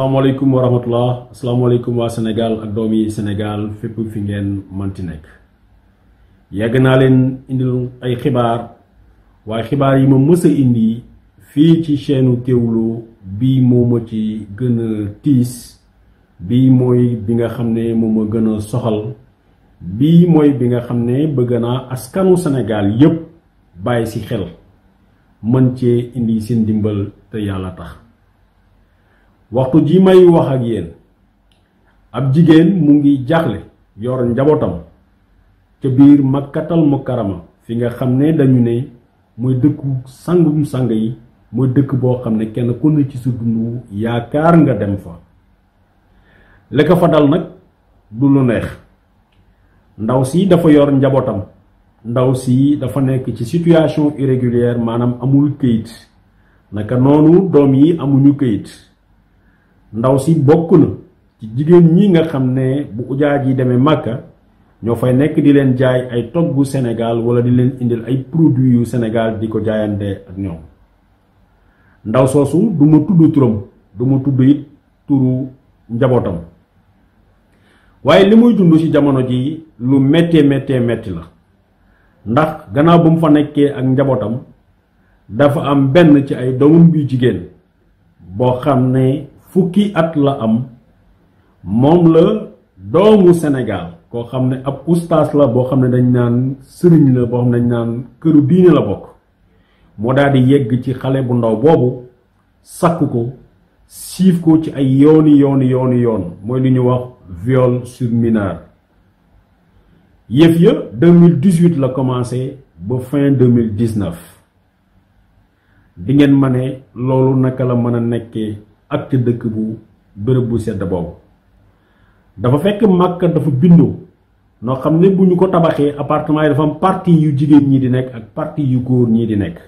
Assalamualaikum warahmatullah. Assalamualaikum wa Senegal Sénégal ak doomi Sénégal fépp fi ngeen manti nekk yàgg ya naa leen indil ay musa waaye xibaar yi ma mës indi fi ci chaîne Kéwoulo bii moo ci gën a tiis bi nga xam ne moo ma gën a soxal bi nga xam ne bëgg naa askanu Senegal yépp bàyyi ci xel mën cee indi seen dimbal te yàlla tax waxtu ji may wax ak yéen ab jigéen mu ngi jaaxle yor njabootam ca biir makkatal karama fi nga xam ne dañu ne mooy dëkku sangum sang yi mooy dëkk boo xam ne kenn ku ne ci sa dund yaakaar nga dem fa la fa dal nag du lu neex ndaw sii dafa yor njabootam ndaw sii dafa nekk ci situation irrégulière maanaam amul këyit naka noonu doom yi amuñu këyit ndaw si bokk na ci jigéen ñi nga xam ne bu ujaaj yi demee màkka ñoo fay nekk di leen jaay ay toggu senegaal wala di leen indil ay produits yu Sénégal di ko jaayante ak ñoom ndaw soosu du tudd turam du ma tudd it turu njabootam waaye li muy dund ci jamono ji lu méttee metti métti la ndax gannaaw bu mu fa nekkee ak njabootam dafa am benn ci ay doomam bi jigéen boo xam ne fukki at la am mom la doomu senegal ko xamne ne ab oustaz la bo xamne ne dañ nan sëriñ la bo xamne ne dañ nan keuru diine la bok mo daadi yegg ci xale bu ndaw bobu sakku ko sif ko ci ay yoni yoni yoni yon moy li wax viol sur mineur 2018 ya la commencé ba fin 2019 di ngeen mané lolu loolu naka la ak ca dëkk bu bërëb bu sedd boobu dafa fekk màkka dafa bindoo noo xam ne bu ñu ko tabaxee appartement yi dafa am partie yu jigéen ñi di nekk ak parti yu góor ñi di nekk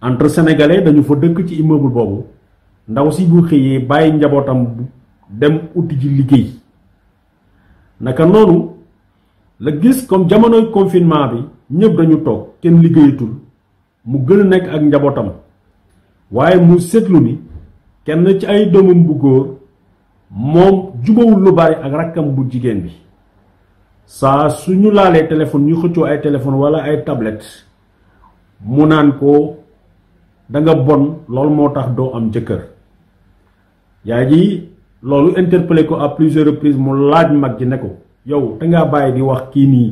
entre sénégalais dañu fa dëkk ci immeuble boobu ndaw si bu xëyee bàyyi njabootam dem uti ji liggéey naka noonu la gis comme jamonoy confinement bi ñëpp dañu toog kenn liggéeyatul mu gën a nekk ak njabootam waaye mu seetlu ni kenn ci ay domum bu góor moom jubawul lu bari ak rakkam bu jigéen bi saa suñu laalee téléphone ñu xëccoo ay téléphone wala ay tablette mu naan ko da nga bon lool moo tax am jëkkër yaay ji loolu interpellé ko à plusieurs reprises mu laaj mag ji ne ko yow da nga bàyyi di wax kii nii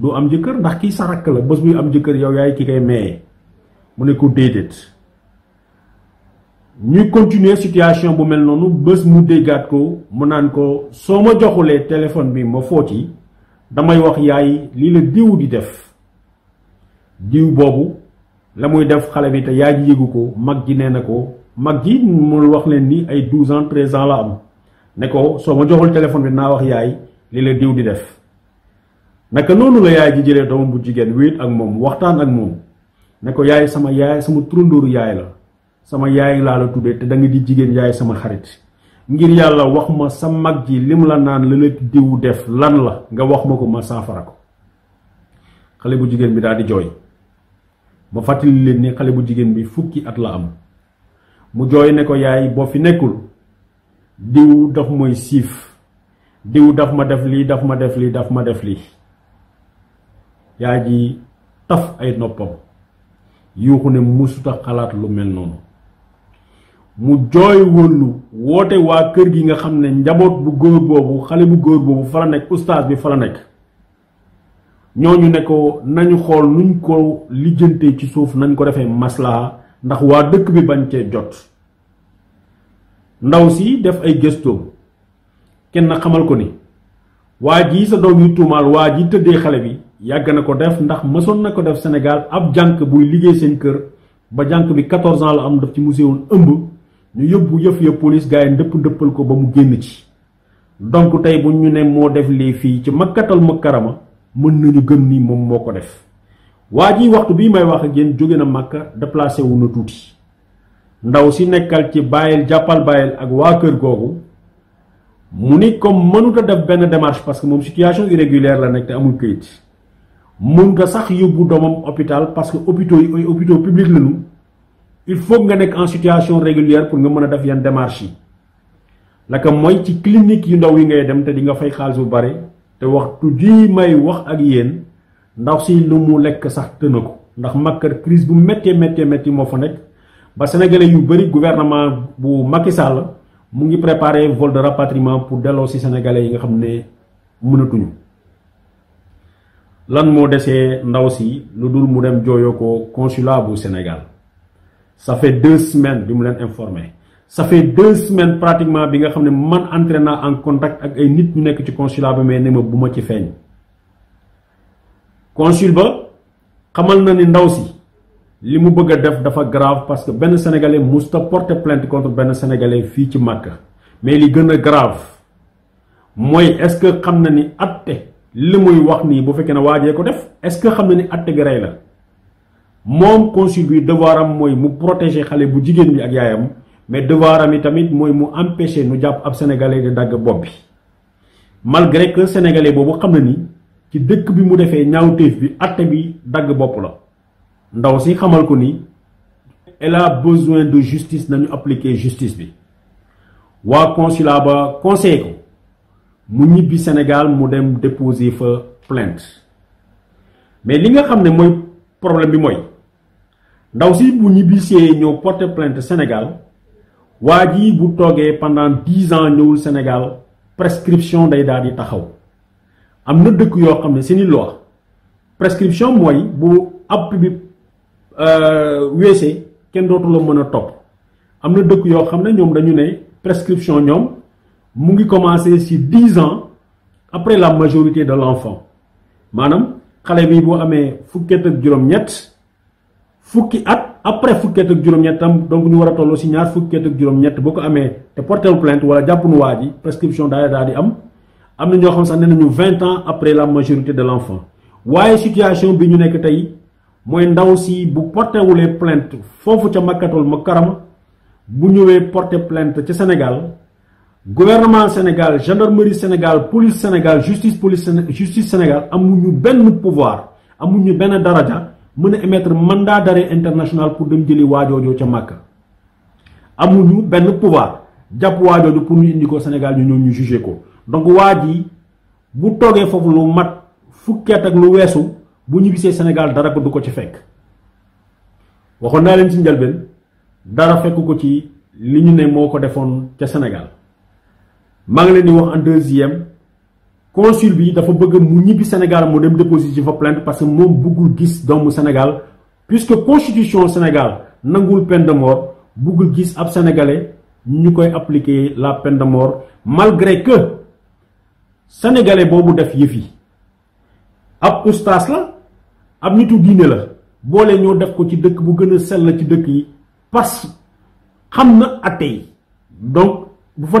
du am jëkkër ndax kii sa la bés buy am jëkkër yow yaay ki koy maye mu ne ko déedéet ñuy continuer situation bu mel noonu bés mu déggaat ko mu naan ko soo ma joxulee téléphone bi ma fóot yi damay wax yaay li la diw di def diw boobu la muy def xale bi te yaay ji yëgu ko mag ji nee na ko mag ji mu wax leen ni ay 12 ans 13 ans la am ne ko soo ma joxul téléphone bi naa wax yaay li la diw di def naka noonu la yaay ji jëlee doomam bu jigéen wéet ak moom waxtaan ak moom ne ko yaay sama yaay sama turandóoru yaay la sama yaay laa la tuddee te da di jigéen yaay sama xarit ngir yàlla wax ma sa mag ji lim la naan la la diw def lan la nga wax ma ko ma saafara ko xale bu jigéen bi daal di jooy ba fàttali leen ni xale bu jigéen bi fukki at la am mu jooy ne ko yaay boo fi nekkul diw daf mooy siif diw daf ma def lii daf ma def lii daf ma def lii yaay ji taf ay noppam yuuxu ne musuta xalaat lu mel noonu mu jooy wóolu woote waa kër gi nga xam ne njaboot bu góor boobu xale bu góor boobu fa la nekk ustaas bi fa la nekk ñooñu ne ko nañu xool nuñ ko lijjante ci suuf nañ ko defee maslaha ndax waa dëkk bi bañ cee jot ndaw si def ay gëstoom kenn xamal ko ni waa ji sa doom yu tuumaal waa ji tëddee xale bi yàgg na ko def ndax mësoon na ko def senegal ab jànq buy liggéey seen kër ba jànq bi 14 la am daf ci muséwoon ëmb ñu yóbbu yëf ya police gars yi ndëpp ndëppal ko ba mu génn ci donc tey bu ñu ne moo def lii fii ci makkatal mukarrama mën nañu gën ni moom moo ko def waa ji waxtu bii may wax ak yéen jóge na Makka déplacé wu na tuuti ndaw si nekkal ci bàyyil jàppal bàyyil ak waa kër googu mu ni comme mënut def benn démarche parce que moom situation irrégulière la nekk te amul këyit mën nga sax yóbbu doomam hôpital parce que hôpitaux yi ay hôpitaux publics lañu il faut nga nek en situation régulière pour nga mëna def yeen démarche laka moy ci clinique yu ndaw yi ngay dem te di nga fay xaalisu bari te waxtu ji may wax ak yeen ndax si lu mu lek sax teunuko ndax makkar crise bu metti metti metti mo fa nek ba sénégalais yu bari gouvernement bu Macky Sall mu ngi préparer vol de rapatriement pour delo ci sénégalais yi nga xamné mënatuñu lan mo déssé ndaw si lu dul mu dem joyoko consulat bu sénégal ça fait deux semaines bi mu leen informé ça fait deux semaines pratiquement bi nga xam ne man entré naa en contact ak ay nit ñu nekk ci consulat ba mais ne ma bu ma ci feeñ consul ba xamal na ni ndaw si li mu bëgg a def dafa grave parce que benn sénégalais musta porter plainte contre benn sénégalais fii ci Makka mais li gën a grave mooy est-ce que xam na ni atte li muy wax nii bu fekkee ne waajee ko def est-ce que xam na ni atte gi rey la mom consul bi devoiram moy mu protéger xalé bu jigéen bi ak yayam mais devoiram yi tamit moy mu empêcher nu japp ab sénégalais de dag bopp bi malgré que sénégalais bobu xam ni ci dëkk bi mu défé ñaawteef bi atté bi dag bop la ndaw si xamal ko ni elle a besoin de justice nañu appliquer justice bi Wa consulat ba conseil ko mu ñibbi Sénégal mu dem déposer fa plainte mais li nga xamné moy problème bi moy ndaw si bu ñibbisee ñëw porter plainte Sénégal waa ji bu toogee pendant dix ans ñëwul Sénégal prescription day daal di taxaw am na dëkk yoo xam ne seeni loi prescription mooy bu app bi euh, weesee kenn dootu la mën a topp am na dëkk yoo xam ne ñoom dañu ne prescription ñoom mu ngi commencé ci dix ans après la majorité de l'enfant maanaam xale bi bu amee fukket ak juróom-ñett fukki at après fukki at ak ñettam donc ñu wara a ci ñaar fukki at ak juróom-ñett boo ko amee te porté plainte wala jàpp nu waa prescription daal daal di am am na ñoo xam sax nee nañu vingt ans après la majorité de l' enfant waaye situation bi ñu nekk tey mooy ndaw si bu porté wulee plainte foofu ca Makkatul Mukarrama bu ñëwee porté plainte ca Sénégal gouvernement Sénégal gendarmerie Sénégal police Sénégal justice police justice Sénégal amuñu benn pouvoir amuñu benn daraja mën émettre mandat d'arrêt international pour dem jëli waajoojoo ca Màkka amuñu benn pouvoir jàpp waajooju pour ñu indi ko Sénégal ñu ñëw ñu jugé ko donc waa ji bu toogee foofu lu mat fukkeet ak lu weesu bu ñu gisee Sénégal dara ko du ko ci fekk waxoon naa leen ci njëlbeen dara fekk ko ci li ñu ne moo ko defoon ca Sénégal maa ngi leen di wax en deuxième consul bi dafa bëgg mu ñibbi Sénégal mu dem déposer ci fa plainte parce que Sénégal puisque constitution Sénégal nangul peine de mort gis sénégalais appliquer la peine de mort malgré que sénégalais boobu def ab la ab la ñoo def ko ci dëkk bu ci dëkk yi donc bu fa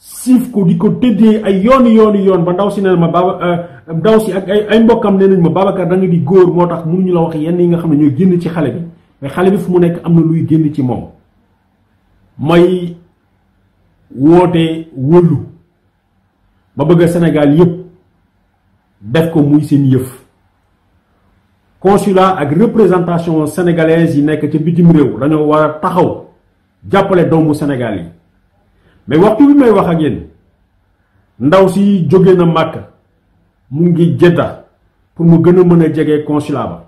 siif ko di ko tëddee ay yooni yooni yoon ba ndaw si nee ma baba euh, ndaw si ak ay mbokkam nee nañ ma Babacar da nga di góor moo tax ñu la wax yenn yi nga xam ne ñooy génn ci xale bi mais xale bi fu mu nekk am na luy génn ci moom may woote wëllu ba bëgg Sénégal yëpp def ko muy seen yëf consulat ak représentation sénégalaise yi nekk ca bitim réew dañoo war a taxaw jàppale doomu Sénégal yi mais waxtu bi may wax ak yéen ndaw si jóge na màkk mu ngi Jedda pour mu gën a mën a jege consulat ba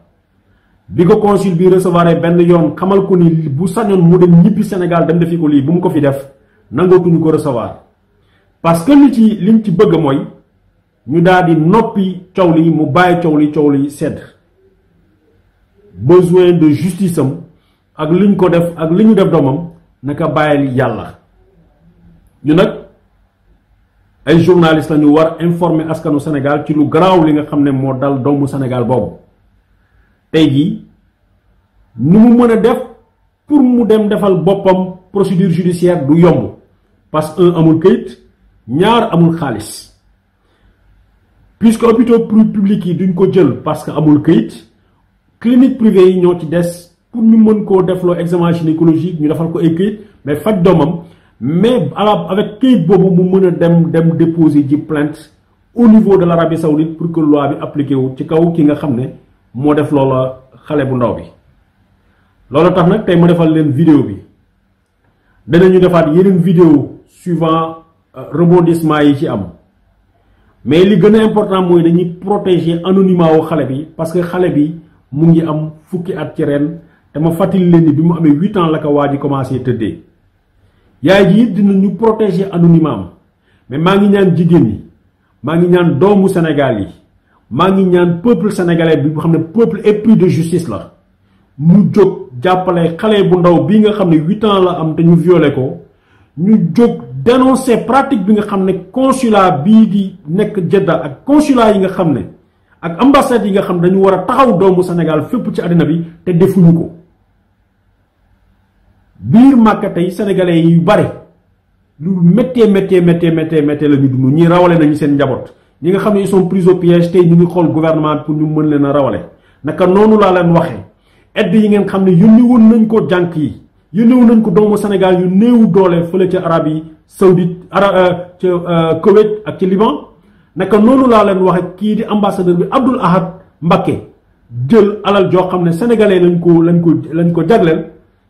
bi ko consul bi recevoir benn yoon xamal ko ni bu sañoon mu dem ñibbi Sénégal dem defi ko lii bu mu ko fi def nangootuñu ko recevoir parce que li ci liñ ci bëgg mooy ñu daal di noppi coow li mu bàyyi coow li coow li sedd besoin de justice ak liñ ko def ak li ñu def doomam naka bàyyil yàlla ñu nag ay journaliste la ñu war informer askanu Sénégal ci lu garaaw li nga xam ne moo dal doomu Sénégal boobu tey jii nu mu mën a def pour mu dem defal boppam procédure judiciaire du yomb parce un amul kayit ñaar amul xaalis puisque hôpitaux publics yi duñ ko jël parce que amul kayit clinique privée yi ñoo ci des pour ñu mën koo defloo examen gynécologique ñu defal ko ay mais faj doomam mais alors avec këyit boobu mu mën dem dem déposer des plainte au niveau de l'Arabie Saoudite pour que loi bi appliqué wu ci kaw ki nga xamné mo def loola xalé bu ndaw bi loolu tax nak tay mo defal len vidéo bi danañu defaat yeneen vidéo suivant euh, rebondissement yi ci am mais li gën important moy dañuy protéger anonymat wu bi parce que xalé bi mu ngi am fukki at ci ren te ma fàttali bi mu amé huit ans la ko waa ji commencé tëddee yaay ji it protéger anonymat mais maa ngi ñaan jigéen yi maa Sénégal peuple sénégalais bi peuple de justice la ñu jóg jàppale xale bu ndaw bi nga xam ne ans la am te ñu ko ñu pratique bi consulat bii di consulat yi nga ne ak ambassade yi nga xam dañu taxaw Sénégal fépp ci biir màkka tey sénégalais yu bari lu méttee méttee méttee méttee méttee la ñu rawale nañu seen njaboot ñi nga xam ne ils sont pris au piège tey ñu ngi xool gouvernement pour ñu mën leen a rawale naka noonu laa leen waxee aide yi ngeen xam ne yónni woon nañ ko jànk yi yónni nañ ko doomu Sénégal yu néewu doole fële ca arab yi saoudite ara euh, ca euh, Koweït ak ci Liban naka noonu laa leen waxe kii di ambassadeur bi Abdoul Ahad Mbacké jël alal joo xam ne sénégalais lañ ko lañ ko lañ ko jagleel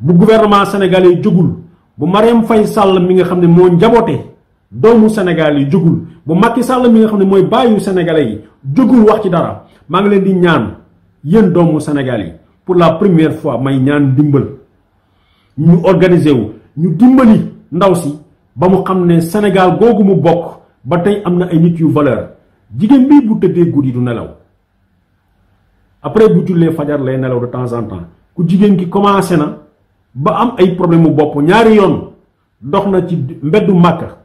bu gouvernement sénégalais jogul bu mariam fay sall mi nga xamne mo njaboté doomu sénégal yi jogul bu Macky Sall mi nga xamne moy bayu sénégalais yi jogul wax ci dara ma nga len di ñaan yeen doomu sénégal yi pour la première fois may ñaan dimbal ñu organiser wu ñu dimbali ndaw si ba mu xamne sénégal gogu mu bok ba tay amna ay nit yu valeur jigen bi bu tedde goudi du nelaw après bu julé fajar lay nelaw de temps en temps ku jigen ki commencé na ba am ay problème mu bopp ñaari yoon dox na ci mbeddu màkka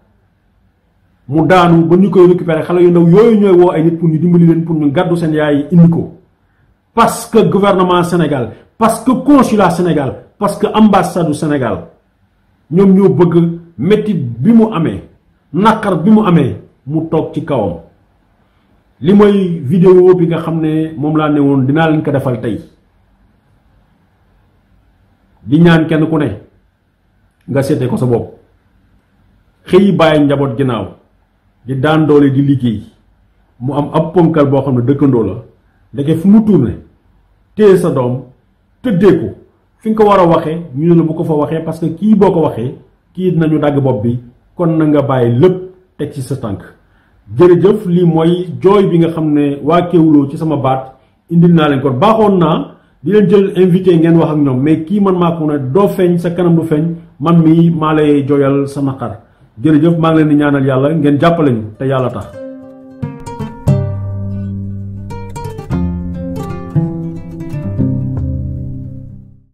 mu daanu ba ñu koy récupérer xale yu ndaw yooyu ñooy woo ay nit pour ñu dimbali leen pour ñu gàddu seen yaay indi ko parce que gouvernement Sénégal parce que consulat Sénégal parce que ambassade du Sénégal ñoom ñoo bëgg métti bi mu amee naqar bi mu amee mu toog ci kawam li mooy vidéo bi nga xam ne moom laa ne woon dinaa leen ko defal tey di ñaan kenn ku ne nga seete ko sa bopp xëy bàyyi njaboot ginnaaw di daan doole di liggéey mu am ab ponkal boo xam ne dëkkandoo la ndeke fu mu tourné téye sa doom tëddee ko fi nga ko war a waxee ñu ne bu ko fa waxee parce que kii boo ko waxee kii nañu dagg bopp bi kon na nga bàyyi lépp teg ci sa tànk jërëjëf lii mooy jooy bi nga xam ne waa Kéwoulo ci sama baat indil naa leen kon baaxoon naa di leen jël invité ngeen wax ak ñoom mais kii man maa ko ne doo feeñ sa kanam du feeñ man mii maa lay jooyal sama xar jërëjëf maa ngi leen di ñaanal yàlla ngeen jàppale ñu te yàlla tax.